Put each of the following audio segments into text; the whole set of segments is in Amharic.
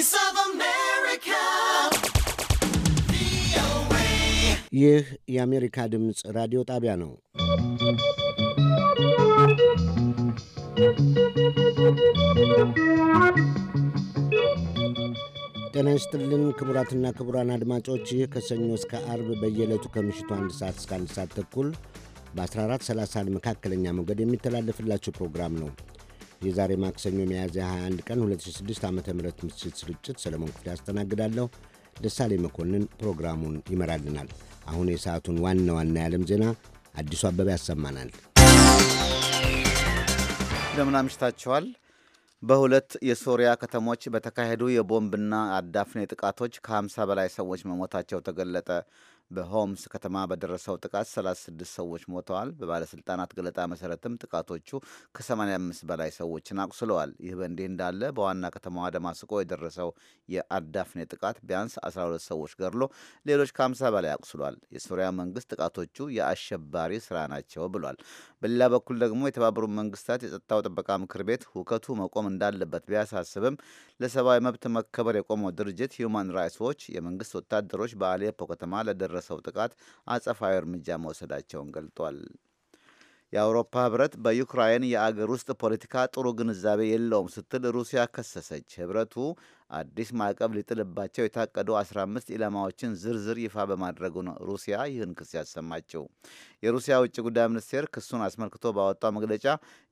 Voice of America. ይህ የአሜሪካ ድምፅ ራዲዮ ጣቢያ ነው። ጤና ይስጥልን ክቡራትና ክቡራን አድማጮች ይህ ከሰኞ እስከ አርብ በየዕለቱ ከምሽቱ አንድ ሰዓት እስከ አንድ ሰዓት ተኩል በ1430 መካከለኛ ሞገድ የሚተላለፍላችሁ ፕሮግራም ነው። የዛሬ ማክሰኞ ሚያዝያ 21 ቀን 2006 ዓ ም ምሽት ስርጭት ሰለሞን ክፍሌ ያስተናግዳለሁ። ደሳሌ መኮንን ፕሮግራሙን ይመራልናል። አሁን የሰዓቱን ዋና ዋና የዓለም ዜና አዲሱ አበበ ያሰማናል። እንደምን አምሽታችኋል። በሁለት የሶሪያ ከተሞች በተካሄዱ የቦምብና አዳፍኔ ጥቃቶች ከ50 በላይ ሰዎች መሞታቸው ተገለጠ። በሆምስ ከተማ በደረሰው ጥቃት 36 ሰዎች ሞተዋል። በባለስልጣናት ገለጣ መሰረትም ጥቃቶቹ ከ85 በላይ ሰዎችን አቁስለዋል። ይህ በእንዲህ እንዳለ በዋና ከተማዋ ደማስቆ የደረሰው የአዳፍኔ ጥቃት ቢያንስ 12 ሰዎች ገድሎ ሌሎች ከ50 በላይ አቁስሏል። የሱሪያ መንግስት ጥቃቶቹ የአሸባሪ ስራ ናቸው ብሏል። በሌላ በኩል ደግሞ የተባበሩት መንግስታት የጸጥታው ጥበቃ ምክር ቤት ሁከቱ መቆም እንዳለበት ቢያሳስብም ለሰብአዊ መብት መከበር የቆመው ድርጅት ሂዩማን ራይትስ ዎች የመንግስት ወታደሮች በአሌፖ ከተማ ለደረ ለደረሰው ጥቃት አጸፋዊ እርምጃ መውሰዳቸውን ገልጧል። የአውሮፓ ህብረት በዩክራይን የአገር ውስጥ ፖለቲካ ጥሩ ግንዛቤ የለውም ስትል ሩሲያ ከሰሰች። ህብረቱ አዲስ ማዕቀብ ሊጥልባቸው የታቀዱ 15 ኢላማዎችን ዝርዝር ይፋ በማድረጉ ነው ሩሲያ ይህን ክስ ያሰማችው። የሩሲያ ውጭ ጉዳይ ሚኒስቴር ክሱን አስመልክቶ ባወጣው መግለጫ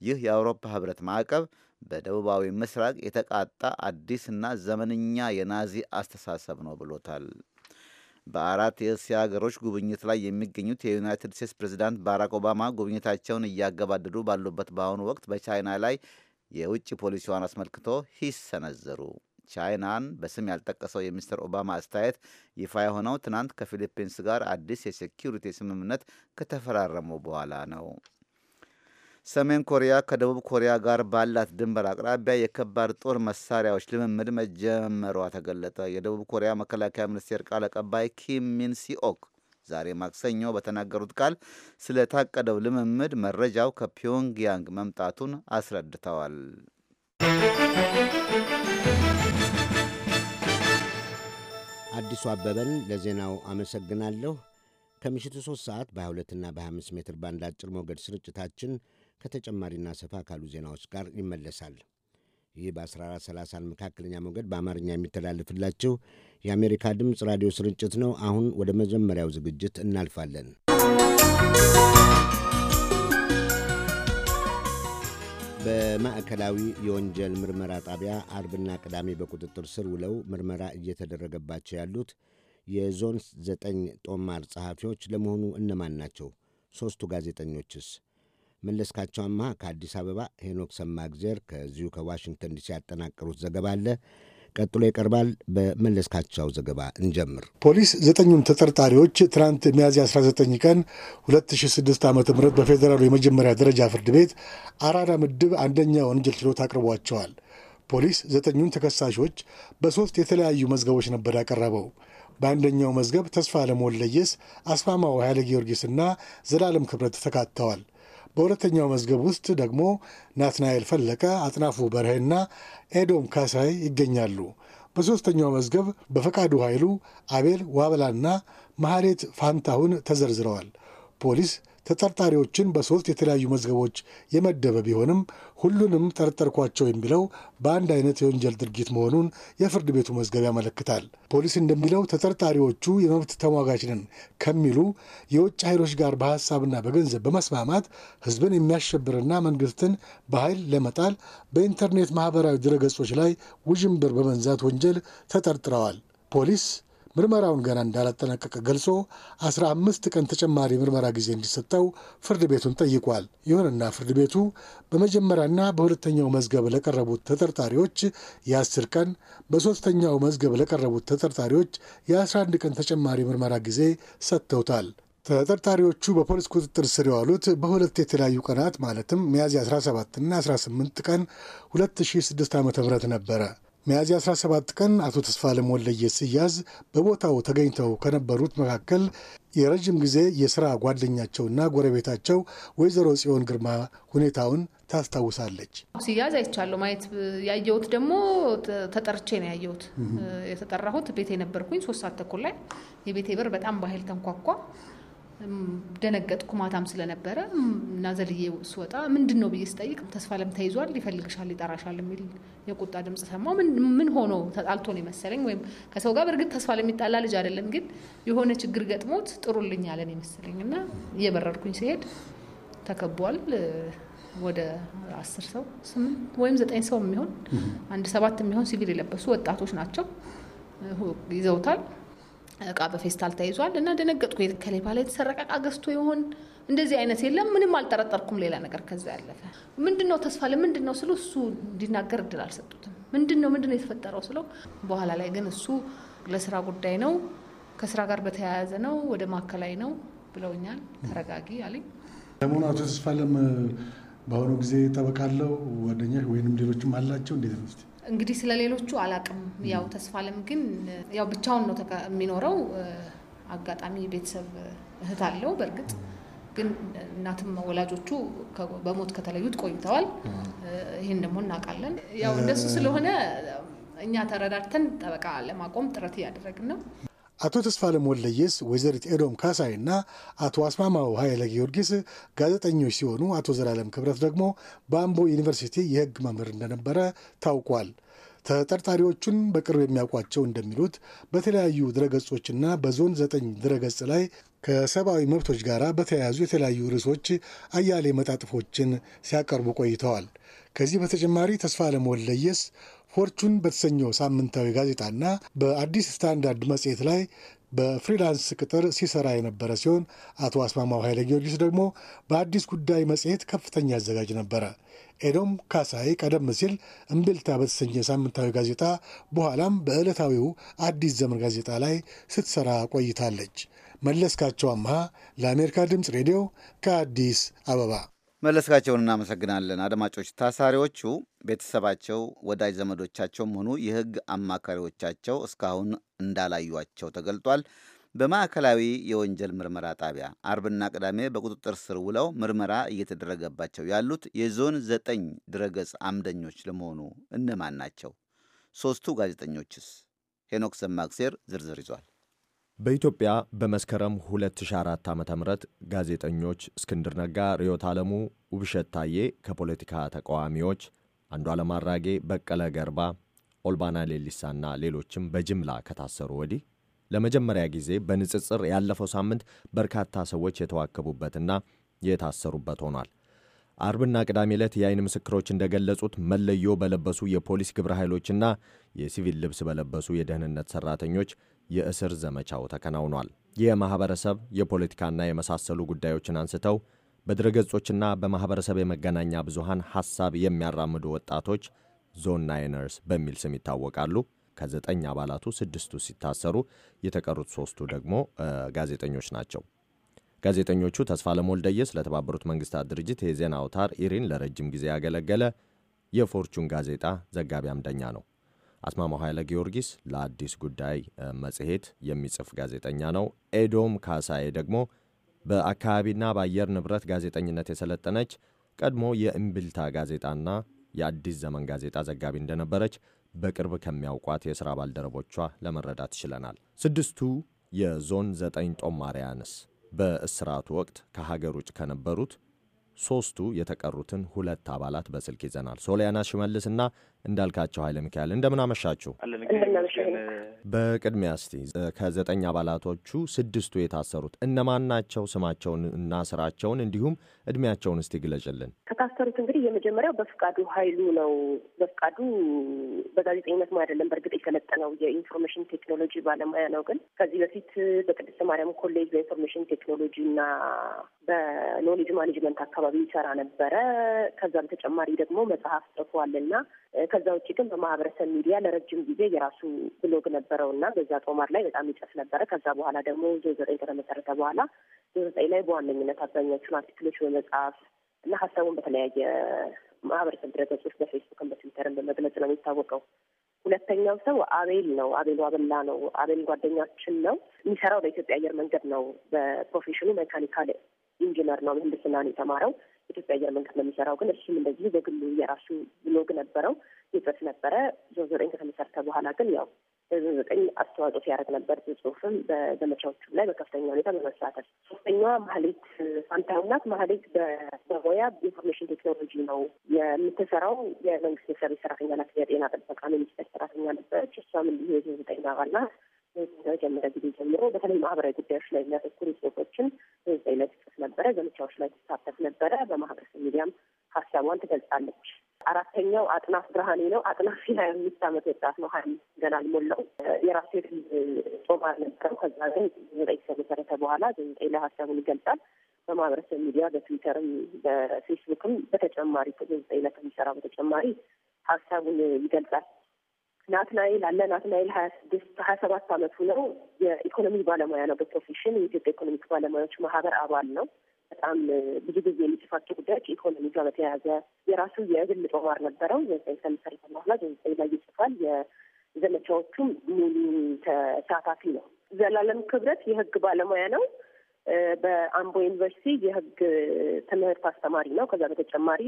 ይህ የአውሮፓ ህብረት ማዕቀብ በደቡባዊ ምስራቅ የተቃጣ አዲስና ዘመንኛ የናዚ አስተሳሰብ ነው ብሎታል። በአራት የእስያ ሀገሮች ጉብኝት ላይ የሚገኙት የዩናይትድ ስቴትስ ፕሬዚዳንት ባራክ ኦባማ ጉብኝታቸውን እያገባደዱ ባሉበት በአሁኑ ወቅት በቻይና ላይ የውጭ ፖሊሲዋን አስመልክቶ ሂስ ሰነዘሩ። ቻይናን በስም ያልጠቀሰው የሚስተር ኦባማ አስተያየት ይፋ የሆነው ትናንት ከፊሊፒንስ ጋር አዲስ የሴኪሪቲ ስምምነት ከተፈራረሙ በኋላ ነው። ሰሜን ኮሪያ ከደቡብ ኮሪያ ጋር ባላት ድንበር አቅራቢያ የከባድ ጦር መሳሪያዎች ልምምድ መጀመሯ ተገለጠ። የደቡብ ኮሪያ መከላከያ ሚኒስቴር ቃል አቀባይ ኪም ሚንሲኦክ ዛሬ ማክሰኞ በተናገሩት ቃል ስለታቀደው ልምምድ መረጃው ከፒዮንግያንግ መምጣቱን አስረድተዋል። አዲሱ አበበን ለዜናው አመሰግናለሁ። ከምሽቱ 3 ሰዓት በ22ና በ25 ሜትር ባንድ አጭር ሞገድ ስርጭታችን ከተጨማሪና ሰፋ ካሉ ዜናዎች ጋር ይመለሳል። ይህ በ1430 መካከለኛ ሞገድ በአማርኛ የሚተላለፍላችሁ የአሜሪካ ድምፅ ራዲዮ ስርጭት ነው። አሁን ወደ መጀመሪያው ዝግጅት እናልፋለን። በማዕከላዊ የወንጀል ምርመራ ጣቢያ አርብና ቅዳሜ በቁጥጥር ስር ውለው ምርመራ እየተደረገባቸው ያሉት የዞን ዘጠኝ ጦማር ጸሐፊዎች ለመሆኑ እነማን ናቸው? ሦስቱ ጋዜጠኞችስ? መለስካቸው አማሃ ከአዲስ አበባ፣ ሄኖክ ሰማእግዜር ከዚሁ ከዋሽንግተን ዲሲ ያጠናቀሩት ዘገባ አለ ቀጥሎ ይቀርባል። በመለስካቸው ዘገባ እንጀምር። ፖሊስ ዘጠኙም ተጠርጣሪዎች ትናንት ሚያዝያ 19 ቀን 2006 ዓ ም በፌዴራሉ የመጀመሪያ ደረጃ ፍርድ ቤት አራዳ ምድብ አንደኛ ወንጀል ችሎት አቅርቧቸዋል። ፖሊስ ዘጠኙን ተከሳሾች በሦስት የተለያዩ መዝገቦች ነበር ያቀረበው። በአንደኛው መዝገብ ተስፋ አለም አስማማው ኃይለ ጊዮርጊስና ዘላለም ክብረት ተካተዋል። በሁለተኛው መዝገብ ውስጥ ደግሞ ናትናኤል ፈለቀ፣ አጥናፉ በርሄና ኤዶም ካሳይ ይገኛሉ። በሦስተኛው መዝገብ በፈቃዱ ኃይሉ፣ አቤል ዋበላና መሐሌት ፋንታሁን ተዘርዝረዋል። ፖሊስ ተጠርጣሪዎችን በሶስት የተለያዩ መዝገቦች የመደበ ቢሆንም ሁሉንም ጠረጠርኳቸው የሚለው በአንድ አይነት የወንጀል ድርጊት መሆኑን የፍርድ ቤቱ መዝገብ ያመለክታል። ፖሊስ እንደሚለው ተጠርጣሪዎቹ የመብት ተሟጋች ነን ከሚሉ የውጭ ኃይሎች ጋር በሀሳብና በገንዘብ በመስማማት ህዝብን የሚያሸብርና መንግስትን በኃይል ለመጣል በኢንተርኔት ማህበራዊ ድረገጾች ላይ ውዥንብር በመንዛት ወንጀል ተጠርጥረዋል። ፖሊስ ምርመራውን ገና እንዳላጠናቀቀ ገልጾ አስራ አምስት ቀን ተጨማሪ ምርመራ ጊዜ እንዲሰጠው ፍርድ ቤቱን ጠይቋል። ይሁንና ፍርድ ቤቱ በመጀመሪያና በሁለተኛው መዝገብ ለቀረቡት ተጠርጣሪዎች የአስር ቀን በሦስተኛው መዝገብ ለቀረቡት ተጠርጣሪዎች የ11 ቀን ተጨማሪ ምርመራ ጊዜ ሰጥተውታል። ተጠርጣሪዎቹ በፖሊስ ቁጥጥር ስር የዋሉት በሁለት የተለያዩ ቀናት ማለትም ሚያዝያ 17 እና 18 ቀን 2006 ዓ.ም ነበረ። ሚያዝያ 17 ቀን አቶ ተስፋ ለሞለየት ሲያዝ በቦታው ተገኝተው ከነበሩት መካከል የረዥም ጊዜ የሥራ ጓደኛቸውና ጎረቤታቸው ወይዘሮ ጽዮን ግርማ ሁኔታውን ታስታውሳለች። ሲያዝ አይቻለሁ። ማየት ያየሁት ደግሞ ተጠርቼ ነው ያየሁት። የተጠራሁት ቤቴ ነበርኩኝ። ሶስት ሰዓት ተኩል ላይ የቤቴ በር በጣም በኃይል ተንኳኳ። ደነገጥኩ። ማታም ስለነበረ እና ዘልዬ ስወጣ ምንድን ነው ብዬ ስጠይቅ ተስፋ ለም ተይዟል፣ ይፈልግሻል፣ ይጠራሻል የሚል የቁጣ ድምጽ ሰማሁ። ምን ሆኖ ተጣልቶ ነው የመሰለኝ ወይም ከሰው ጋር በእርግጥ ተስፋ ለም የሚጣላ ልጅ አይደለም፣ ግን የሆነ ችግር ገጥሞት ጥሩልኝ ያለን የመሰለኝ እና እየበረርኩኝ ሲሄድ ተከቧል። ወደ አስር ሰው ስምንት ወይም ዘጠኝ ሰው የሚሆን አንድ ሰባት የሚሆን ሲቪል የለበሱ ወጣቶች ናቸው ይዘውታል። እቃ በፌስታል ተይዟል እና ደነገጥኩ። የከሌ ባላ የተሰረቀ እቃ ገዝቶ ይሆን? እንደዚህ አይነት የለም። ምንም አልጠረጠርኩም። ሌላ ነገር ከዛ ያለፈ ምንድነው ተስፋ ለምንድነው ስለ እሱ እንዲናገር እድል አልሰጡትም። ምንድነው ምንድነው የተፈጠረው ስለው በኋላ ላይ ግን እሱ ለስራ ጉዳይ ነው ከስራ ጋር በተያያዘ ነው ወደ ማዕከላዊ ነው ብለውኛል። ተረጋጊ አለኝ። ለመሆኑ አቶ ተስፋለም በአሁኑ ጊዜ ጠበቃለው ጓደኛ ወይንም ሌሎችም አላቸው እንዴት ነው? እንግዲህ ስለ ሌሎቹ አላቅም። ያው ተስፋ አለም ግን ያው ብቻውን ነው የሚኖረው። አጋጣሚ ቤተሰብ እህት አለው። በእርግጥ ግን እናትም ወላጆቹ በሞት ከተለዩት ቆይተዋል። ይህን ደግሞ እናውቃለን። ያው እንደሱ ስለሆነ እኛ ተረዳድተን ጠበቃ ለማቆም ጥረት እያደረግን ነው። አቶ ተስፋለም ወለየስ፣ ወይዘሪት ኤዶም ካሳይ እና አቶ አስማማው ኃይለ ጊዮርጊስ ጋዜጠኞች ሲሆኑ አቶ ዘላለም ክብረት ደግሞ በአምቦ ዩኒቨርሲቲ የሕግ መምህር እንደነበረ ታውቋል። ተጠርጣሪዎቹን በቅርብ የሚያውቋቸው እንደሚሉት በተለያዩ ድረገጾችና በዞን ዘጠኝ ድረገጽ ላይ ከሰብአዊ መብቶች ጋር በተያያዙ የተለያዩ ርዕሶች አያሌ መጣጥፎችን ሲያቀርቡ ቆይተዋል። ከዚህ በተጨማሪ ተስፋለም ወልደየስ ፎርቹን በተሰኘው ሳምንታዊ ጋዜጣና በአዲስ ስታንዳርድ መጽሔት ላይ በፍሪላንስ ቅጥር ሲሰራ የነበረ ሲሆን አቶ አስማማው ኃይለ ጊዮርጊስ ደግሞ በአዲስ ጉዳይ መጽሔት ከፍተኛ አዘጋጅ ነበረ። ኤዶም ካሳይ ቀደም ሲል እምቢልታ በተሰኘ ሳምንታዊ ጋዜጣ በኋላም በዕለታዊው አዲስ ዘመን ጋዜጣ ላይ ስትሰራ ቆይታለች። መለስካቸው አምሃ ለአሜሪካ ድምፅ ሬዲዮ ከአዲስ አበባ መለስካቸውን እናመሰግናለን። አድማጮች ታሳሪዎቹ ቤተሰባቸው፣ ወዳጅ ዘመዶቻቸውም ሆኑ የህግ አማካሪዎቻቸው እስካሁን እንዳላዩቸው ተገልጧል። በማዕከላዊ የወንጀል ምርመራ ጣቢያ አርብና ቅዳሜ በቁጥጥር ስር ውለው ምርመራ እየተደረገባቸው ያሉት የዞን ዘጠኝ ድረገጽ አምደኞች ለመሆኑ እነማን ናቸው? ሦስቱ ጋዜጠኞችስ? ሄኖክ ዘማክሴር ዝርዝር ይዟል። በኢትዮጵያ በመስከረም 2004 ዓ ም ጋዜጠኞች እስክንድር ነጋ፣ ርዮት ዓለሙ፣ ውብሸት ታዬ ከፖለቲካ ተቃዋሚዎች አንዱዓለም አራጌ፣ በቀለ ገርባ፣ ኦልባና ሌሊሳና ሌሎችም በጅምላ ከታሰሩ ወዲህ ለመጀመሪያ ጊዜ በንጽጽር ያለፈው ሳምንት በርካታ ሰዎች የተዋከቡበትና የታሰሩበት ሆኗል። አርብና ቅዳሜ ዕለት የአይን ምስክሮች እንደገለጹት መለዮ በለበሱ የፖሊስ ግብረ ኃይሎችና የሲቪል ልብስ በለበሱ የደህንነት ሠራተኞች የእስር ዘመቻው ተከናውኗል። የማህበረሰብ የፖለቲካና የመሳሰሉ ጉዳዮችን አንስተው በድረገጾችና በማህበረሰብ የመገናኛ ብዙሃን ሐሳብ የሚያራምዱ ወጣቶች ዞን ናይነርስ በሚል ስም ይታወቃሉ። ከዘጠኝ አባላቱ ስድስቱ ሲታሰሩ የተቀሩት ሶስቱ ደግሞ ጋዜጠኞች ናቸው። ጋዜጠኞቹ ተስፋ ለሞልደየ ለተባበሩት መንግስታት ድርጅት የዜና አውታር ኢሪን ለረጅም ጊዜ ያገለገለ የፎርቹን ጋዜጣ ዘጋቢ አምደኛ ነው። አስማማው ኃይለ ጊዮርጊስ ለአዲስ ጉዳይ መጽሔት የሚጽፍ ጋዜጠኛ ነው። ኤዶም ካሳዬ ደግሞ በአካባቢና በአየር ንብረት ጋዜጠኝነት የሰለጠነች ቀድሞ የእምብልታ ጋዜጣና የአዲስ ዘመን ጋዜጣ ዘጋቢ እንደነበረች በቅርብ ከሚያውቋት የሥራ ባልደረቦቿ ለመረዳት ችለናል። ስድስቱ የዞን ዘጠኝ ጦማሪያንስ በእስራቱ ወቅት ከሀገር ውጭ ከነበሩት ሦስቱ የተቀሩትን ሁለት አባላት በስልክ ይዘናል። ሶሊያና ሽመልስና እንዳልካቸው ኃይለ ሚካኤል እንደምን አመሻችሁ። በቅድሚያ እስቲ ከዘጠኝ አባላቶቹ ስድስቱ የታሰሩት እነማን ናቸው? ስማቸውን እና ስራቸውን እንዲሁም እድሜያቸውን እስቲ ግለጭልን። ከታሰሩት እንግዲህ የመጀመሪያው በፍቃዱ ኃይሉ ነው። በፍቃዱ በጋዜጠኝነት ማ አይደለም፣ በእርግጥ የተለጠነው የኢንፎርሜሽን ቴክኖሎጂ ባለሙያ ነው። ግን ከዚህ በፊት በቅድስተ ማርያም ኮሌጅ በኢንፎርሜሽን ቴክኖሎጂ እና በኖሌጅ ማኔጅመንት አካባቢ ይሰራ ነበረ። ከዛ በተጨማሪ ደግሞ መጽሐፍ ጽፏልና ከዛ ውጭ ግን በማህበረሰብ ሚዲያ ለረጅም ጊዜ የራሱ ብሎግ ነበረው እና በዛ ጦማር ላይ በጣም ይጽፍ ነበረ። ከዛ በኋላ ደግሞ ዞን ዘጠኝ ከተመሰረተ በኋላ ዞን ዘጠኝ ላይ በዋነኝነት አብዛኛዎቹን አርቲክሎች በመጻፍ እና ሀሳቡን በተለያየ ማህበረሰብ ድረገጾች በፌስቡክን በትዊተርን በመግለጽ ነው የሚታወቀው። ሁለተኛው ሰው አቤል ነው። አቤል ዋበላ ነው። አቤል ጓደኛችን ነው። የሚሰራው ለኢትዮጵያ አየር መንገድ ነው። በፕሮፌሽኑ ሜካኒካል ኢንጂነር ነው። ምህንድስና ነው የተማረው። ኢትዮጵያ አየር መንገድ ነው የሚሰራው። ግን እሱም እንደዚሁ በግሉ የራሱ ብሎግ ነበረው ይጽፍ ነበረ። ዞን ዘጠኝ ከተመሰረተ በኋላ ግን ያው ዞን ዘጠኝ አስተዋጽኦ ሲያደርግ ነበር ጽሁፍም በዘመቻዎቹም ላይ በከፍተኛ ሁኔታ በመሳተፍ። ሶስተኛዋ ማህሌት ፋንታሁን ናት። ማህሌት በሙያ ኢንፎርሜሽን ቴክኖሎጂ ነው የምትሰራው። የመንግስት የሰርቪስ ሰራተኛ ናት። የጤና ጥበቃ ሚኒስቴር ሰራተኛ ነበረች። እሷም እንዲሁ የዞን ዘጠኝ አባል ናት። ከጀመረ ጊዜ ጀምሮ በተለይ ማህበራዊ ጉዳዮች ላይ የሚያተኩሩ ጽሁፎችን ጋዜጣዊ ላይ ትጽፍ ነበረ። ዘመቻዎች ላይ ትሳተፍ ነበረ። በማህበረሰብ ሚዲያም ሀሳቧን ትገልጻለች። አራተኛው አጥናፍ ብርሃኔ ነው። አጥናፍ የሀያ አምስት ዓመት ወጣት ነው። ሀያ ገና አልሞላው። የራሴ ጦማ ጾም ከዛ ግን ዘጠኝ ከመሰረተ በኋላ ዘጠኝ ላይ ሀሳቡን ይገልጻል። በማህበረሰብ ሚዲያ በትዊተርም በፌስቡክም በተጨማሪ ዘጠኝ ላይ ከሚሰራ በተጨማሪ ሀሳቡን ይገልጻል። ናትናኤል አለ። ናትናኤል ሀያ ስድስት ሀያ ሰባት አመቱ ነው። የኢኮኖሚ ባለሙያ ነው በፕሮፌሽን የኢትዮጵያ ኢኮኖሚክ ባለሙያዎች ማህበር አባል ነው። በጣም ብዙ ጊዜ የሚጽፋቸው ጉዳዮች ኢኮኖሚ ጋር በተያያዘ የራሱ የግል ጦማር ነበረው። ዘጠኝ ከመሰረተ በኋላ ዘጠኝ ላይ ይጽፋል። የዘመቻዎቹም ሙሉ ተሳታፊ ነው። ዘላለም ክብረት የህግ ባለሙያ ነው። በአምቦ ዩኒቨርሲቲ የህግ ትምህርት አስተማሪ ነው። ከዛ በተጨማሪ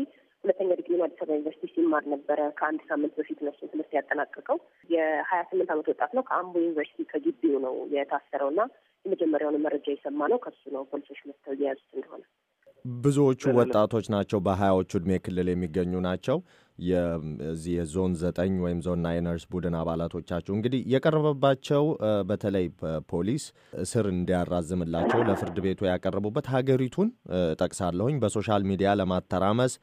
ሁለተኛ ዲግሪ አዲስ አበባ ዩኒቨርሲቲ ሲማር ነበረ። ከአንድ ሳምንት በፊት ነሱ ትምህርት ያጠናቀቀው። የሀያ ስምንት ዓመት ወጣት ነው። ከአምቦ ዩኒቨርሲቲ ከግቢው ነው የታሰረው እና የመጀመሪያውን መረጃ የሰማ ነው ከሱ ነው ፖሊሶች መጥተው እየያዙት እንደሆነ ብዙዎቹ ወጣቶች ናቸው። በሀያዎቹ እድሜ ክልል የሚገኙ ናቸው። የዚህ የዞን ዘጠኝ ወይም ዞን ናይነርስ ቡድን አባላቶቻችሁ እንግዲህ የቀረበባቸው በተለይ ፖሊስ እስር እንዲያራዝምላቸው ለፍርድ ቤቱ ያቀረቡበት ሀገሪቱን ጠቅሳለሁኝ በሶሻል ሚዲያ ለማተራመስ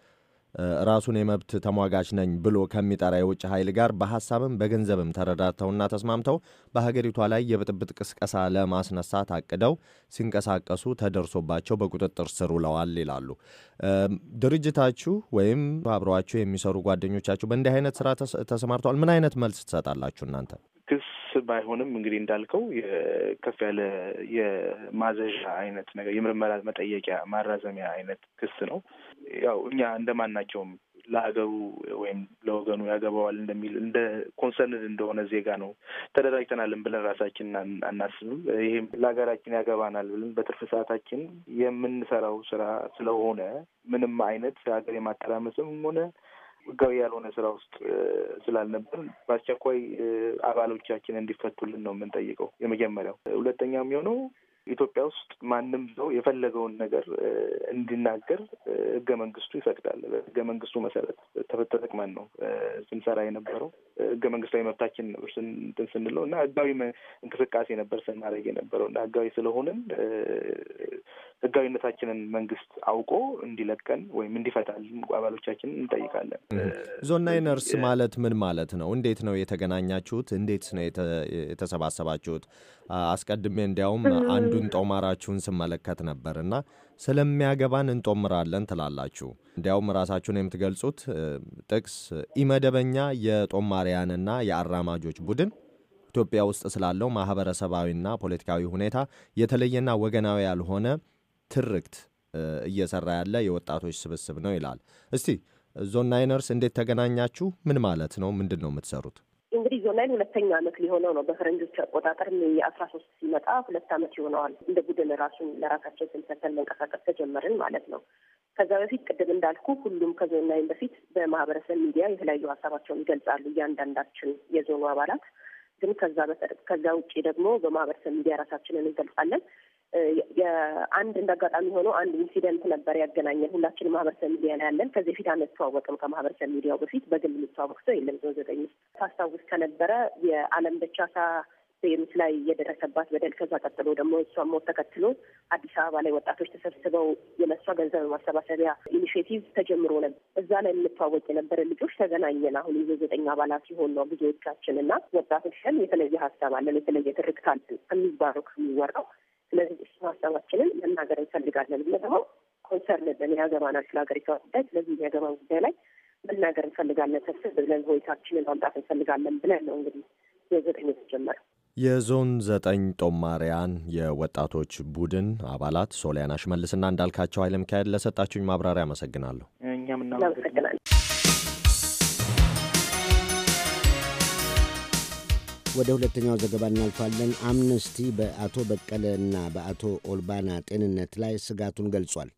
ራሱን የመብት ተሟጋች ነኝ ብሎ ከሚጠራ የውጭ ኃይል ጋር በሀሳብም በገንዘብም ተረዳድተውና ተስማምተው በሀገሪቷ ላይ የብጥብጥ ቅስቀሳ ለማስነሳት አቅደው ሲንቀሳቀሱ ተደርሶባቸው በቁጥጥር ስር ውለዋል ይላሉ። ድርጅታችሁ ወይም አብረዋችሁ የሚሰሩ ጓደኞቻችሁ በእንዲህ አይነት ስራ ተሰማርተዋል። ምን አይነት መልስ ትሰጣላችሁ እናንተ? ክስ ባይሆንም እንግዲህ እንዳልከው ከፍ ያለ የማዘዣ አይነት ነገር የምርመራ መጠየቂያ ማራዘሚያ አይነት ክስ ነው። ያው እኛ እንደማናቸውም ለሀገሩ ወይም ለወገኑ ያገባዋል እንደሚል እንደ ኮንሰርንድ እንደሆነ ዜጋ ነው ተደራጅተናልን ብለን ራሳችን አናስብም። ይህም ለሀገራችን ያገባናል ብለን በትርፍ ሰዓታችን የምንሰራው ስራ ስለሆነ ምንም አይነት ሀገር የማተራመስም ሆነ ህጋዊ ያልሆነ ስራ ውስጥ ስላልነበር በአስቸኳይ አባሎቻችን እንዲፈቱልን ነው የምንጠይቀው የመጀመሪያው። ሁለተኛ የሚሆነው ኢትዮጵያ ውስጥ ማንም ሰው የፈለገውን ነገር እንዲናገር ህገ መንግስቱ ይፈቅዳል። በህገ መንግስቱ መሰረት ተጠቅመን ነው ስንሰራ የነበረው ህገ መንግስታዊ መብታችን ነበር እንትን ስንለው እና ህጋዊ እንቅስቃሴ ነበር ስናደርግ የነበረው እና ህጋዊ ስለሆንን ህጋዊነታችንን መንግስት አውቆ እንዲለቀን ወይም እንዲፈታል አባሎቻችን እንጠይቃለን። ዞናይነርስ ማለት ምን ማለት ነው? እንዴት ነው የተገናኛችሁት? እንዴት ነው የተሰባሰባችሁት? አስቀድሜ እንዲያውም አንዱን ጦማራችሁን ስመለከት ነበር እና ስለሚያገባን እንጦምራለን ትላላችሁ። እንዲያውም ራሳችሁን የምትገልጹት ጥቅስ ኢመደበኛ የጦማሪያንና የአራማጆች ቡድን ኢትዮጵያ ውስጥ ስላለው ማህበረሰባዊና ፖለቲካዊ ሁኔታ የተለየና ወገናዊ ያልሆነ ትርክት እየሰራ ያለ የወጣቶች ስብስብ ነው ይላል። እስቲ ዞን ናይነርስ እንዴት ተገናኛችሁ? ምን ማለት ነው? ምንድን ነው የምትሰሩት? እንግዲህ ዞን ናይን ሁለተኛ አመት ሊሆነው ነው በፈረንጆች አቆጣጠር የአስራ ሶስት ሲመጣ ሁለት ዓመት ይሆነዋል። እንደ ቡድን ራሱን ለራሳችን ስንሰተን መንቀሳቀስ ተጀመርን ማለት ነው። ከዛ በፊት ቅድም እንዳልኩ ሁሉም ከዞን ናይን በፊት በማህበረሰብ ሚዲያ የተለያዩ ሀሳባቸውን ይገልጻሉ እያንዳንዳችን የዞኑ አባላት ግን ከዛ ከዛ ውጭ ደግሞ በማህበረሰብ ሚዲያ ራሳችንን እንገልጻለን። የአንድ እንደ አጋጣሚ ሆኖ አንድ ኢንሲደንት ነበር ያገናኘን። ሁላችንም ማህበረሰብ ሚዲያ ላይ ያለን ከዚህ ፊት አንተዋወቅም። ከማህበረሰብ ሚዲያው በፊት በግል የሚተዋወቅ ሰው የለም። ዘው ዘጠኝ ታስታውስ ከነበረ የአለም በቻሳ ቤሩት ላይ የደረሰባት በደል፣ ከዛ ቀጥሎ ደግሞ እሷን ሞት ተከትሎ አዲስ አበባ ላይ ወጣቶች ተሰብስበው የመሷ ገንዘብ ማሰባሰቢያ ኢኒሽቲቭ ተጀምሮ ነበር። እዛ ላይ የምተዋወቅ የነበረ ልጆች ተገናኘን። አሁን ይዞ ዘጠኝ አባላት ሲሆን ነው ብዙዎቻችን እና ወጣቶች ሸን የተለየ ሀሳብ አለን የተለየ ትርክት አለን ከሚባለው ከሚወራው ስለዚህ እሱ ሀሳባችንን መናገር እንፈልጋለን ብለ ደግሞ ኮንሰርን ለን ያገባናል ስለ ሀገሪቷ ጉዳይ ስለዚህ የሚያገባን ጉዳይ ላይ መናገር እንፈልጋለን፣ ሰብስብ ብለን ሆይታችንን ማምጣት እንፈልጋለን ብለን ነው እንግዲህ የዘጠኝ የተጀመረው። የዞን ዘጠኝ ጦማሪያን የወጣቶች ቡድን አባላት ሶሊያና ሽመልስና እንዳልካቸው ኃይለ ሚካኤል ለሰጣችሁኝ ማብራሪያ አመሰግናለሁ። እኛም እናመሰግናለን። ወደ ሁለተኛው ዘገባ እናልፋለን። አምነስቲ በአቶ በቀለ በአቶ ኦልባና ጤንነት ላይ ስጋቱን ገልጿል።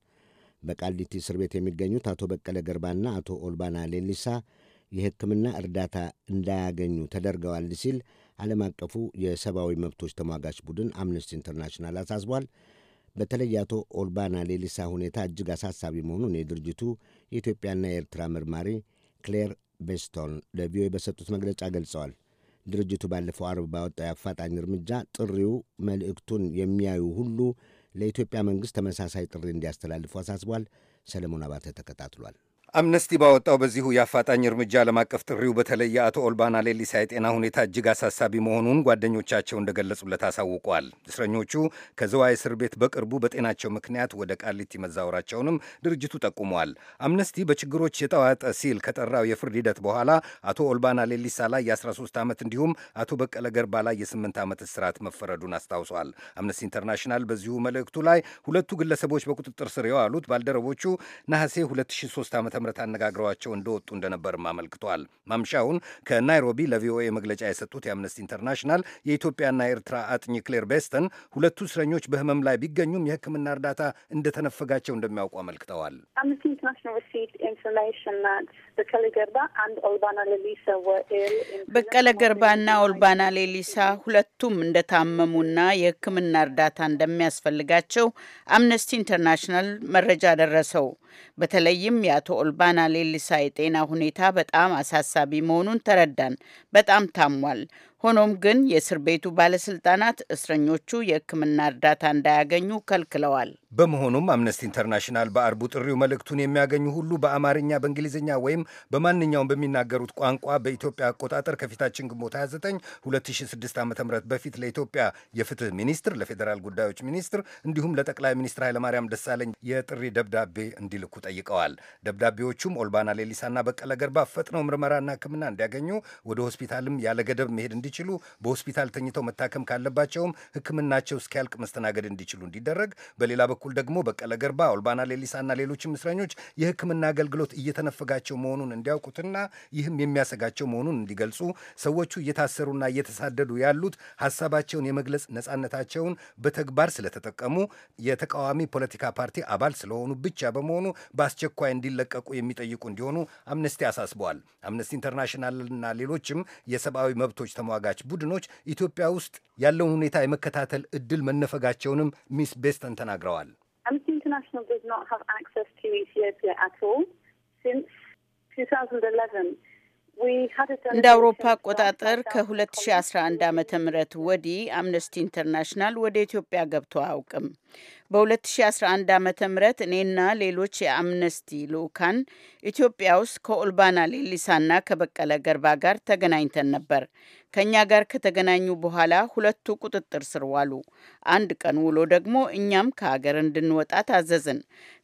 በቃሊቲ እስር ቤት የሚገኙት አቶ በቀለ ገርባና አቶ ኦልባና ሌሊሳ የሕክምና እርዳታ እንዳያገኙ ተደርገዋል ሲል ዓለም አቀፉ የሰብአዊ መብቶች ተሟጋች ቡድን አምነስቲ ኢንተርናሽናል አሳስቧል። በተለይ አቶ ኦልባና ሌሊሳ ሁኔታ እጅግ አሳሳቢ መሆኑን የድርጅቱ የኢትዮጵያና የኤርትራ መርማሪ ክሌር ቤስቶን ለቪኦኤ በሰጡት መግለጫ ገልጸዋል። ድርጅቱ ባለፈው አርብ ባወጣው የአፋጣኝ እርምጃ ጥሪው መልእክቱን የሚያዩ ሁሉ ለኢትዮጵያ መንግሥት ተመሳሳይ ጥሪ እንዲያስተላልፉ አሳስቧል። ሰለሞን አባተ ተከታትሏል። አምነስቲ ባወጣው በዚሁ የአፋጣኝ እርምጃ ዓለም አቀፍ ጥሪው በተለይ የአቶ ኦልባና ሌሊሳ የጤና ሁኔታ እጅግ አሳሳቢ መሆኑን ጓደኞቻቸው እንደገለጹለት አሳውቋል። እስረኞቹ ከዝዋይ እስር ቤት በቅርቡ በጤናቸው ምክንያት ወደ ቃሊቲ መዛወራቸውንም ድርጅቱ ጠቁሟል። አምነስቲ በችግሮች የጠዋጠ ሲል ከጠራው የፍርድ ሂደት በኋላ አቶ ኦልባና ሌሊሳ ላይ የ13 ዓመት እንዲሁም አቶ በቀለ ገርባ ላይ የ8 ዓመት እስራት መፈረዱን አስታውሷል። አምነስቲ ኢንተርናሽናል በዚሁ መልእክቱ ላይ ሁለቱ ግለሰቦች በቁጥጥር ስር የዋሉት ባልደረቦቹ ነሐሴ 2003 ዓ አነጋግረዋቸው እንደወጡ እንደነበርም አመልክቷል። ማምሻውን ከናይሮቢ ለቪኦኤ መግለጫ የሰጡት የአምነስቲ ኢንተርናሽናል የኢትዮጵያና ኤርትራ አጥኚ ክሌር ቤስተን ሁለቱ እስረኞች በህመም ላይ ቢገኙም የሕክምና እርዳታ እንደተነፈጋቸው እንደሚያውቁ አመልክተዋል። በቀለ ገርባና ኦልባና ሌሊሳ ሁለቱም እንደታመሙና የሕክምና እርዳታ እንደሚያስፈልጋቸው አምነስቲ ኢንተርናሽናል መረጃ ደረሰው። በተለይም የአቶ ኦልባና ሌሊሳ የጤና ሁኔታ በጣም አሳሳቢ መሆኑን ተረዳን። በጣም ታሟል። ሆኖም ግን የእስር ቤቱ ባለስልጣናት እስረኞቹ የሕክምና እርዳታ እንዳያገኙ ከልክለዋል። በመሆኑም አምነስቲ ኢንተርናሽናል በአርቡ ጥሪው መልእክቱን የሚያገኙ ሁሉ በአማርኛ፣ በእንግሊዝኛ ወይም በማንኛውም በሚናገሩት ቋንቋ በኢትዮጵያ አቆጣጠር ከፊታችን ግንቦት 29 2006 ዓ ም በፊት ለኢትዮጵያ የፍትህ ሚኒስትር፣ ለፌዴራል ጉዳዮች ሚኒስትር እንዲሁም ለጠቅላይ ሚኒስትር ኃይለማርያም ደሳለኝ የጥሪ ደብዳቤ እንዲልኩ ጠይቀዋል። ደብዳቤዎቹም ኦልባና ሌሊሳና በቀለ ገርባ ፈጥነው ምርመራና ሕክምና እንዲያገኙ ወደ ሆስፒታልም ያለገደብ መሄድ እንዲ እንዲችሉ በሆስፒታል ተኝተው መታከም ካለባቸውም ሕክምናቸው እስኪያልቅ መስተናገድ እንዲችሉ እንዲደረግ፣ በሌላ በኩል ደግሞ በቀለ ገርባ፣ አውልባና ሌሊሳና ሌሎችም እስረኞች የሕክምና አገልግሎት እየተነፈጋቸው መሆኑን እንዲያውቁትና ይህም የሚያሰጋቸው መሆኑን እንዲገልጹ፣ ሰዎቹ እየታሰሩና እየተሳደዱ ያሉት ሀሳባቸውን የመግለጽ ነጻነታቸውን በተግባር ስለተጠቀሙ የተቃዋሚ ፖለቲካ ፓርቲ አባል ስለሆኑ ብቻ በመሆኑ በአስቸኳይ እንዲለቀቁ የሚጠይቁ እንዲሆኑ አምነስቲ አሳስበዋል። አምነስቲ ኢንተርናሽናልና ሌሎችም የሰብአዊ መብቶች ተሟ ተሟጋች ቡድኖች ኢትዮጵያ ውስጥ ያለውን ሁኔታ የመከታተል እድል መነፈጋቸውንም ሚስ ቤስተን ተናግረዋል። እንደ አውሮፓ አቆጣጠር ከ2011 ዓ ም ወዲህ አምነስቲ ኢንተርናሽናል ወደ ኢትዮጵያ ገብቶ አያውቅም። በ2011 ዓ ም እኔና ሌሎች የአምነስቲ ልዑካን ኢትዮጵያ ውስጥ ከኦልባና ሌሊሳና ከበቀለ ገርባ ጋር ተገናኝተን ነበር። ከእኛ ጋር ከተገናኙ በኋላ ሁለቱ ቁጥጥር ስር ዋሉ። አንድ ቀን ውሎ ደግሞ እኛም ከሀገር እንድንወጣ ታዘዝን።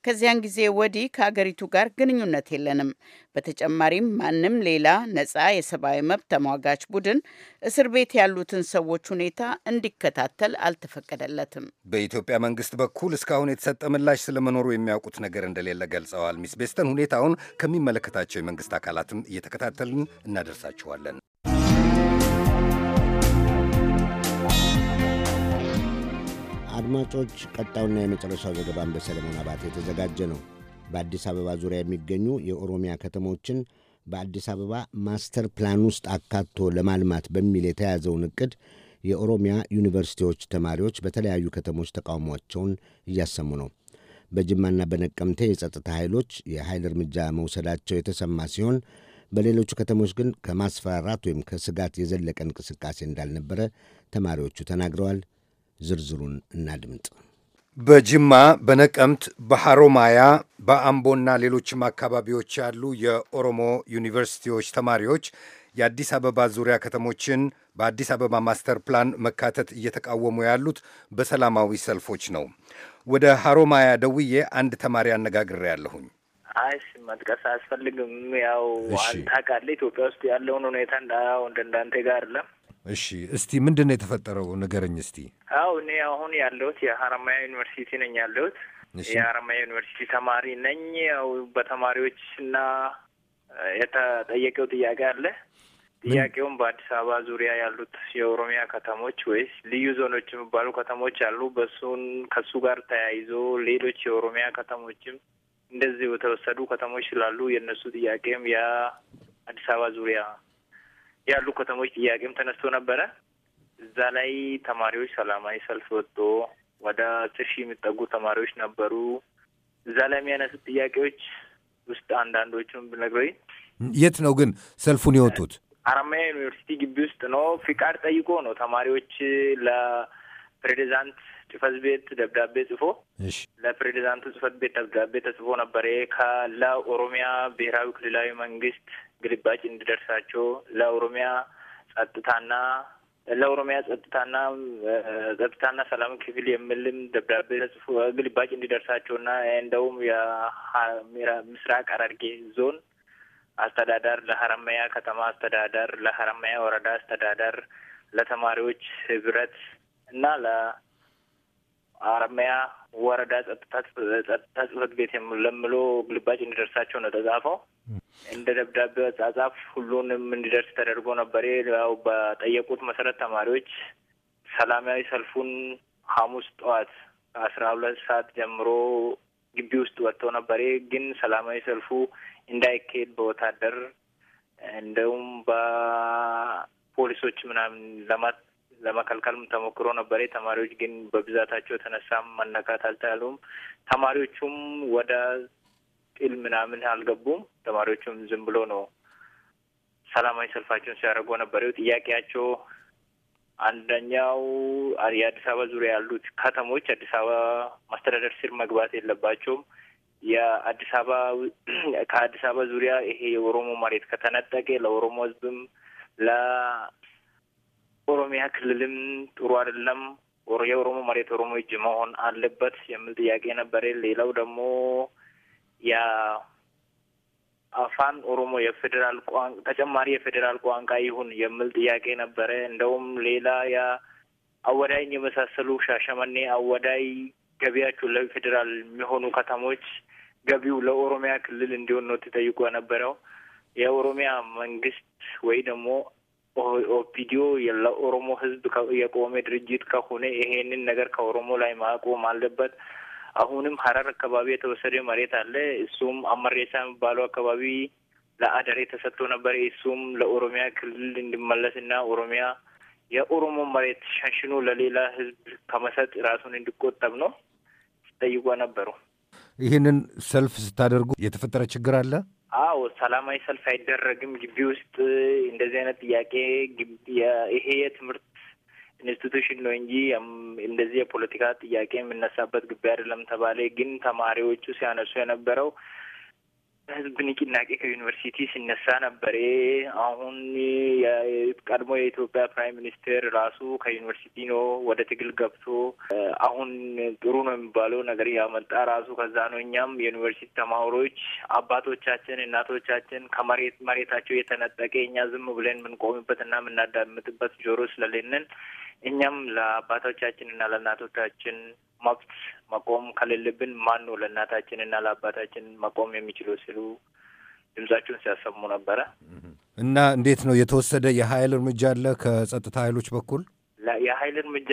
ከዚያን ጊዜ ወዲህ ከሀገሪቱ ጋር ግንኙነት የለንም። በተጨማሪም ማንም ሌላ ነጻ የሰብአዊ መብት ተሟጋች ቡድን እስር ቤት ያሉትን ሰዎች ሁኔታ እንዲከታተል አልተፈቀደለትም። በኢትዮጵያ መንግስት በኩል እስካሁን የተሰጠ ምላሽ ስለመኖሩ የሚያውቁት ነገር እንደሌለ ገልጸዋል። ሚስ ቤስተን ሁኔታውን ከሚመለከታቸው የመንግስት አካላትም እየተከታተልን እናደርሳችኋለን። አድማጮች፣ ቀጣውና የመጨረሻው ዘገባን በሰለሞን አባት የተዘጋጀ ነው። በአዲስ አበባ ዙሪያ የሚገኙ የኦሮሚያ ከተሞችን በአዲስ አበባ ማስተር ፕላን ውስጥ አካቶ ለማልማት በሚል የተያዘውን እቅድ የኦሮሚያ ዩኒቨርሲቲዎች ተማሪዎች በተለያዩ ከተሞች ተቃውሟቸውን እያሰሙ ነው። በጅማና በነቀምቴ የጸጥታ ኃይሎች የኃይል እርምጃ መውሰዳቸው የተሰማ ሲሆን በሌሎቹ ከተሞች ግን ከማስፈራራት ወይም ከስጋት የዘለቀ እንቅስቃሴ እንዳልነበረ ተማሪዎቹ ተናግረዋል። ዝርዝሩን እናድምጥ። በጅማ በነቀምት፣ በሐሮማያ፣ በአምቦና ሌሎችም አካባቢዎች ያሉ የኦሮሞ ዩኒቨርሲቲዎች ተማሪዎች የአዲስ አበባ ዙሪያ ከተሞችን በአዲስ አበባ ማስተር ፕላን መካተት እየተቃወሙ ያሉት በሰላማዊ ሰልፎች ነው። ወደ ሐሮማያ ደውዬ አንድ ተማሪ አነጋግሬ ያለሁኝ። አይ መጥቀስ አያስፈልግም። ያው አንታቃለ ኢትዮጵያ ውስጥ ያለውን ሁኔታ እንዳ እንዳንተ ጋር አይደለም እሺ እስቲ ምንድን ነው የተፈጠረው ንገረኝ እስቲ። አው እኔ አሁን ያለሁት የሀረማያ ዩኒቨርሲቲ ነኝ ያለሁት የሀረማያ ዩኒቨርሲቲ ተማሪ ነኝ። ያው በተማሪዎች እና የተጠየቀው ጥያቄ አለ። ጥያቄውም በአዲስ አበባ ዙሪያ ያሉት የኦሮሚያ ከተሞች ወይስ ልዩ ዞኖች የሚባሉ ከተሞች አሉ። በሱን ከሱ ጋር ተያይዞ ሌሎች የኦሮሚያ ከተሞችም እንደዚህ የተወሰዱ ከተሞች ስላሉ የእነሱ ጥያቄም የአዲስ አበባ ዙሪያ ያሉ ከተሞች ጥያቄም ተነስቶ ነበረ። እዛ ላይ ተማሪዎች ሰላማዊ ሰልፍ ወጥቶ ወደ አስር ሺህ የሚጠጉ ተማሪዎች ነበሩ። እዛ ላይ የሚያነሱት ጥያቄዎች ውስጥ አንዳንዶቹን ብነግረኝ። የት ነው ግን ሰልፉን የወጡት? አራማያ ዩኒቨርሲቲ ግቢ ውስጥ ነው። ፍቃድ ጠይቆ ነው ተማሪዎች ለፕሬዚዳንት ጽፈት ቤት ደብዳቤ ጽፎ ለፕሬዚዳንቱ ጽፈት ቤት ደብዳቤ ተጽፎ ነበር። ይሄ ለኦሮሚያ ብሔራዊ ክልላዊ መንግስት ግልባጭ እንዲደርሳቸው ለኦሮሚያ ጸጥታና ለኦሮሚያ ጸጥታና ጸጥታና ሰላም ክፍል የሚልም ደብዳቤ ተጽፎ ግልባጭ እንዲደርሳቸውና እንደውም የምስራቅ ሐረርጌ ዞን አስተዳደር ለሀረማያ ከተማ አስተዳደር፣ ለሀረማያ ወረዳ አስተዳደር፣ ለተማሪዎች ህብረት እና አርሚያ ወረዳ ጸጥታ ጽህፈት ቤት ለምሎ ግልባጭ እንዲደርሳቸው ነው ተጻፈው። እንደ ደብዳቤው አጻጻፍ ሁሉንም እንዲደርስ ተደርጎ ነበር። ያው በጠየቁት መሰረት ተማሪዎች ሰላማዊ ሰልፉን ሐሙስ ጠዋት ከአስራ ሁለት ሰዓት ጀምሮ ግቢ ውስጥ ወጥተው ነበር። ግን ሰላማዊ ሰልፉ እንዳይካሄድ በወታደር እንደውም በፖሊሶች ምናምን ለማት ለመከልከልም ተሞክሮ ነበር። ተማሪዎች ግን በብዛታቸው የተነሳም መነካት አልቻሉም። ተማሪዎቹም ወደ ጢል ምናምን አልገቡም። ተማሪዎቹም ዝም ብሎ ነው ሰላማዊ ሰልፋቸውን ሲያደርጉ ነበር። ጥያቄያቸው አንደኛው የአዲስ አበባ ዙሪያ ያሉት ከተሞች አዲስ አበባ ማስተዳደር ስር መግባት የለባቸውም። የአዲስ አበባ ከአዲስ አበባ ዙሪያ ይሄ የኦሮሞ መሬት ከተነጠቀ ለኦሮሞ ለ ኦሮሚያ ክልልም ጥሩ አይደለም። የኦሮሞ መሬት ኦሮሞ እጅ መሆን አለበት የሚል ጥያቄ ነበር። ሌላው ደግሞ የአፋን ኦሮሞ የፌዴራል ቋንቋ ተጨማሪ የፌዴራል ቋንቋ ይሁን የሚል ጥያቄ ነበረ። እንደውም ሌላ የአወዳይን የመሳሰሉ ሻሸመኔ፣ አወዳይ ገቢያችሁ ለፌዴራል የሚሆኑ ከተሞች ገቢው ለኦሮሚያ ክልል እንዲሆን ነው ተጠይቆ የነበረው። የኦሮሚያ መንግስት ወይ ደግሞ ኦፒዲዮ ለኦሮሞ ህዝብ የቆመ ድርጅት ከሆነ ይሄንን ነገር ከኦሮሞ ላይ ማቆም አለበት። አሁንም ሀረር አካባቢ የተወሰደ መሬት አለ። እሱም አመሬሳ የሚባለው አካባቢ ለአደሬ ተሰጥቶ ነበር። እሱም ለኦሮሚያ ክልል እንዲመለስ እና ኦሮሚያ የኦሮሞ መሬት ሸንሽኖ ለሌላ ህዝብ ከመሰጥ ራሱን እንዲቆጠብ ነው ሲጠይቋ ነበሩ። ይህንን ሰልፍ ስታደርጉ የተፈጠረ ችግር አለ? አዎ ሰላማዊ ሰልፍ አይደረግም ግቢ ውስጥ እንደዚህ አይነት ጥያቄ ይሄ የትምህርት ኢንስቲቱሽን ነው እንጂ እንደዚህ የፖለቲካ ጥያቄ የምነሳበት ግቢ አይደለም ተባለ። ግን ተማሪዎቹ ሲያነሱ የነበረው ህዝብ ንቅናቄ ከዩኒቨርሲቲ ሲነሳ ነበር። አሁን ቀድሞ የኢትዮጵያ ፕራይም ሚኒስቴር ራሱ ከዩኒቨርሲቲ ነው ወደ ትግል ገብቶ አሁን ጥሩ ነው የሚባለው ነገር ያመጣ ራሱ ከዛ ነው። እኛም የዩኒቨርሲቲ ተማሪዎች አባቶቻችን፣ እናቶቻችን ከመሬት መሬታቸው የተነጠቀ እኛ ዝም ብለን የምንቆምበት እና የምናዳምጥበት ጆሮ ስለሌለን እኛም ለአባቶቻችን እና ለእናቶቻችን መብት መቆም ከሌለብን ማን ነው ለእናታችን እና ለአባታችን መቆም የሚችሉ ሲሉ ድምጻችሁን ሲያሰሙ ነበረ እና እንዴት ነው የተወሰደ የሀይል እርምጃ አለ ከጸጥታ ኃይሎች በኩል? የሀይል እርምጃ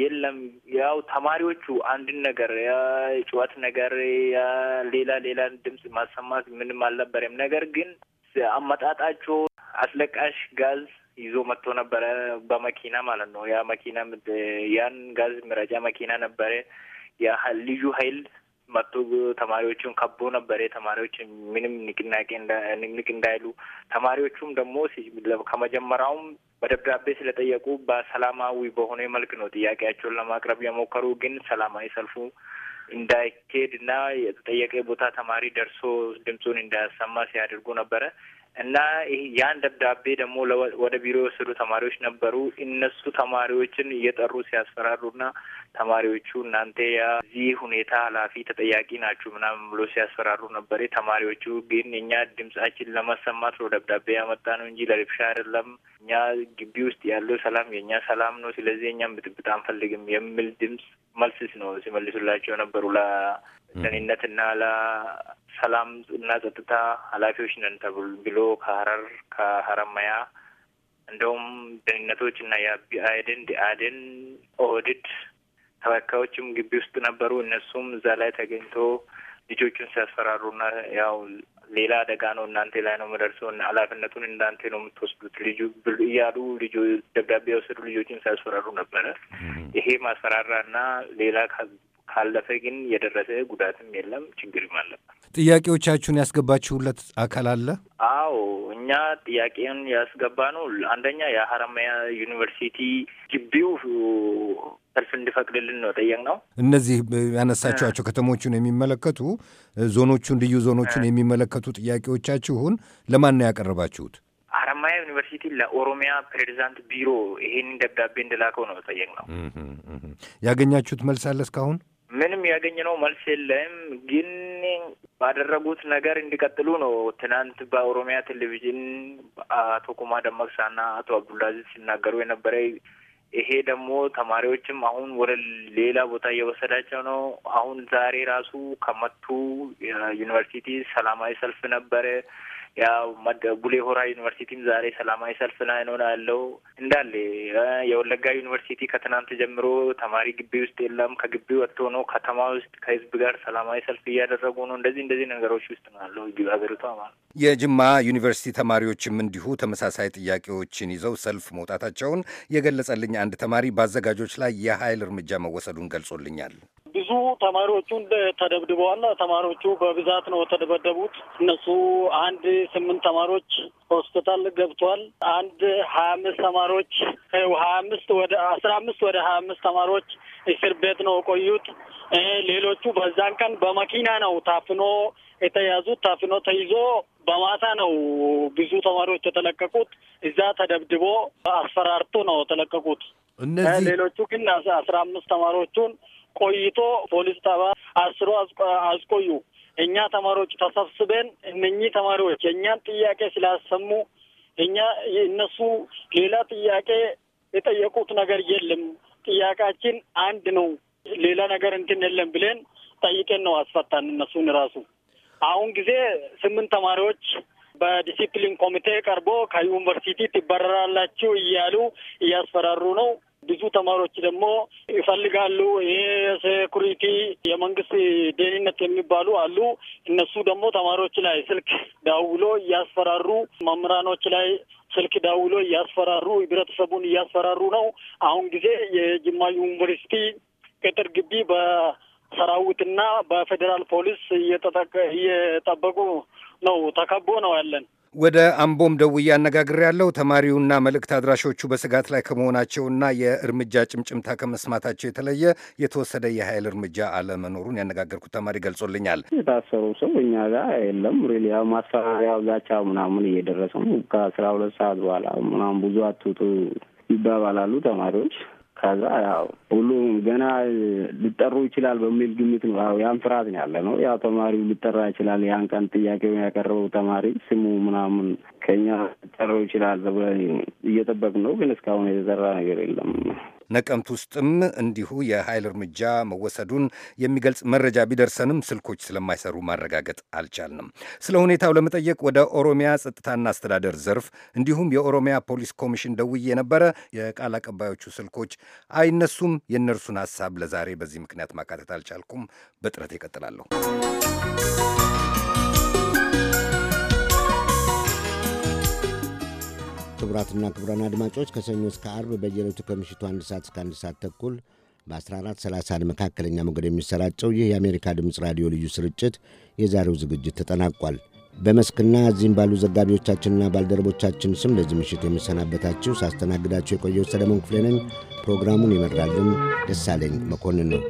የለም። ያው ተማሪዎቹ አንድን ነገር የጭዋት ነገር ሌላ ሌላ ድምፅ ማሰማት ምንም አልነበረም። ነገር ግን አመጣጣቸው አስለቃሽ ጋዝ ይዞ መጥቶ ነበረ በመኪና ማለት ነው። ያ መኪና ያን ጋዝ መረጫ መኪና ነበረ። ያ ልዩ ኃይል መጥቶ ተማሪዎቹን ከቦ ነበረ። ተማሪዎች ምንም ንቅናቄ ንቅንቅ እንዳይሉ ተማሪዎቹም ደግሞ ከመጀመሪያውም በደብዳቤ ስለጠየቁ በሰላማዊ በሆነ መልክ ነው ጥያቄያቸውን ለማቅረብ የሞከሩ ግን ሰላማዊ ሰልፉ እንዳይኬድ እና የተጠየቀ ቦታ ተማሪ ደርሶ ድምፁን እንዳያሰማ ሲያደርጉ ነበረ። እና ያን ደብዳቤ ደግሞ ወደ ቢሮ የወሰዱ ተማሪዎች ነበሩ። እነሱ ተማሪዎችን እየጠሩ ሲያስፈራሩና ተማሪዎቹ እናንተ የዚህ ሁኔታ ኃላፊ ተጠያቂ ናችሁ ምናምን ብሎ ሲያስፈራሩ ነበር። ተማሪዎቹ ግን እኛ ድምጻችን ለማሰማት ነው ደብዳቤ ያመጣ ነው እንጂ ለረብሻ አይደለም። እኛ ግቢ ውስጥ ያለው ሰላም የእኛ ሰላም ነው። ስለዚህ እኛም ብጥብጥ አንፈልግም የሚል ድምጽ መልስ ነው ሲመልሱላቸው ነበሩ ደህንነትና ለሰላም እና ጸጥታ ኃላፊዎች ነን ተብሎ ከሀረር ከሀረማያ እንደውም ደህንነቶች እና የአብአዴን ዲአድን ኦህድድ ተወካዮችም ግቢ ውስጥ ነበሩ። እነሱም እዛ ላይ ተገኝቶ ልጆቹን ሲያስፈራሩና ያው ሌላ አደጋ ነው እናንተ ላይ ነው የምደርሰው እና ኃላፊነቱን እንዳንተ ነው የምትወስዱት ልጁ እያሉ ልጆ ደብዳቤ የወሰዱ ልጆችን ሲያስፈራሩ ነበረ። ይሄ ማስፈራራ ማስፈራራና ሌላ ካለፈ ግን የደረሰ ጉዳትም የለም፣ ችግርም አልነበር። ጥያቄዎቻችሁን ያስገባችሁለት አካል አለ? አዎ፣ እኛ ጥያቄውን ያስገባ ነው። አንደኛ የሀረማያ ዩኒቨርሲቲ ግቢው ሰልፍ እንዲፈቅድልን ነው ነው። እነዚህ ያነሳችኋቸው ከተሞቹን የሚመለከቱ ዞኖቹን፣ ልዩ ዞኖቹን የሚመለከቱ ጥያቄዎቻችሁን ለማን ነው ያቀረባችሁት? ሀረማያ ዩኒቨርሲቲ ለኦሮሚያ ፕሬዚዳንት ቢሮ ይሄንን ደብዳቤ እንደላከው ነው ነው። ያገኛችሁት መልስ አለ እስካሁን? ምንም ያገኘነው መልስ የለም። ግን ባደረጉት ነገር እንዲቀጥሉ ነው። ትናንት በኦሮሚያ ቴሌቪዥን አቶ ኩማ ደመቅሳና አቶ አብዱላዚዝ ሲናገሩ የነበረ ይሄ ደግሞ ተማሪዎችም አሁን ወደ ሌላ ቦታ እየወሰዳቸው ነው። አሁን ዛሬ ራሱ ከመቱ ዩኒቨርሲቲ ሰላማዊ ሰልፍ ነበረ። ያው ቡሌ ሆራ ዩኒቨርሲቲም ዛሬ ሰላማዊ ሰልፍ ላይ ነው ያለው እንዳለ። የወለጋ ዩኒቨርሲቲ ከትናንት ጀምሮ ተማሪ ግቢ ውስጥ የለም። ከግቢ ወጥቶ ነው ከተማ ውስጥ ከህዝብ ጋር ሰላማዊ ሰልፍ እያደረጉ ነው። እንደዚህ እንደዚህ ነገሮች ውስጥ ነው ያለው ሀገሪቷ ማለት የጅማ ዩኒቨርሲቲ ተማሪዎችም እንዲሁ ተመሳሳይ ጥያቄዎችን ይዘው ሰልፍ መውጣታቸውን የገለጸልኝ አንድ ተማሪ በአዘጋጆች ላይ የኃይል እርምጃ መወሰዱን ገልጾልኛል። ብዙ ተማሪዎቹ ተደብድበዋል። ተማሪዎቹ በብዛት ነው የተደበደቡት። እነሱ አንድ ስምንት ተማሪዎች ሆስፒታል ገብተዋል። አንድ ሀያ አምስት ተማሪዎች ሀያ አምስት ወደ አስራ አምስት ወደ ሀያ አምስት ተማሪዎች እስር ቤት ነው የቆዩት። ሌሎቹ በዛን ቀን በመኪና ነው ታፍኖ የተያዙት። ታፍኖ ተይዞ በማታ ነው ብዙ ተማሪዎች የተለቀቁት። እዛ ተደብድቦ አስፈራርቶ ነው የተለቀቁት። እነዚህ ሌሎቹ ግን አስራ አምስት ተማሪዎቹን ቆይቶ ፖሊስ ጣባ አስሮ አስቆዩ። እኛ ተማሪዎች ተሰብስበን እነኚህ ተማሪዎች የእኛን ጥያቄ ስላሰሙ እኛ እነሱ ሌላ ጥያቄ የጠየቁት ነገር የለም፣ ጥያቄያችን አንድ ነው፣ ሌላ ነገር እንትን የለም ብለን ጠይቀን ነው አስፈታን። እነሱን ራሱ አሁን ጊዜ ስምንት ተማሪዎች በዲሲፕሊን ኮሚቴ ቀርቦ ከዩኒቨርሲቲ ትባረራላችሁ እያሉ እያስፈራሩ ነው። ብዙ ተማሪዎች ደግሞ ይፈልጋሉ። ይሄ ሴኩሪቲ የመንግስት ደህንነት የሚባሉ አሉ። እነሱ ደግሞ ተማሪዎች ላይ ስልክ ደውሎ እያስፈራሩ፣ መምህራኖች ላይ ስልክ ደውሎ እያስፈራሩ፣ ህብረተሰቡን እያስፈራሩ ነው። አሁን ጊዜ የጅማ ዩኒቨርሲቲ ቅጥር ግቢ በሰራዊትና በፌዴራል ፖሊስ እየጠበቁ ነው። ተከቦ ነው ያለን። ወደ አምቦም ደውዬ ያለው ተማሪውና መልእክት አድራሾቹ በስጋት ላይ ከመሆናቸውና የእርምጃ ጭምጭምታ ከመስማታቸው የተለየ የተወሰደ የኃይል እርምጃ አለመኖሩን ያነጋገርኩት ተማሪ ገልጾልኛል። የታሰሩ ሰው እኛ ጋር የለም ሪሊ ያው ማስፈራሪያ ዛቻ ምናምን እየደረሰ ነው። ከአስራ ሁለት ሰዓት በኋላ ምናምን ብዙ አትውጡ ይባባላሉ ተማሪዎች ከዛ ያው ሁሉም ገና ሊጠሩ ይችላል በሚል ግምት ነው። ያው ያን ፍርሃት ነው ያለ ነው። ያው ተማሪው ሊጠራ ይችላል። ያን ቀን ጥያቄውን ያቀረበው ተማሪ ስሙ ምናምን ከኛ ሊጠራው ይችላል እየጠበቅ ነው። ግን እስካሁን የተጠራ ነገር የለም። ነቀምት ውስጥም እንዲሁ የኃይል እርምጃ መወሰዱን የሚገልጽ መረጃ ቢደርሰንም ስልኮች ስለማይሰሩ ማረጋገጥ አልቻልንም። ስለ ሁኔታው ለመጠየቅ ወደ ኦሮሚያ ጸጥታና አስተዳደር ዘርፍ እንዲሁም የኦሮሚያ ፖሊስ ኮሚሽን ደውዬ ነበረ። የቃል አቀባዮቹ ስልኮች አይነሱም። የእነርሱን ሀሳብ ለዛሬ በዚህ ምክንያት ማካተት አልቻልኩም። በጥረት ይቀጥላለሁ። ክቡራትና ክቡራን አድማጮች ከሰኞ እስከ አርብ በየለቱ ከምሽቱ አንድ ሰዓት እስከ አንድ ሰዓት ተኩል በ1430 መካከለኛ ሞገድ የሚሰራጨው ይህ የአሜሪካ ድምፅ ራዲዮ ልዩ ስርጭት የዛሬው ዝግጅት ተጠናቋል። በመስክና እዚህም ባሉ ዘጋቢዎቻችንና ባልደረቦቻችን ስም ለዚህ ምሽት የምሰናበታችሁ ሳስተናግዳችሁ የቆየው ሰለሞን ክፍሌ ነኝ። ፕሮግራሙን ይመራልን ደሳለኝ መኮንን ነው።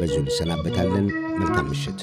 በዚሁ እንሰናበታለን። መልካም ምሽት።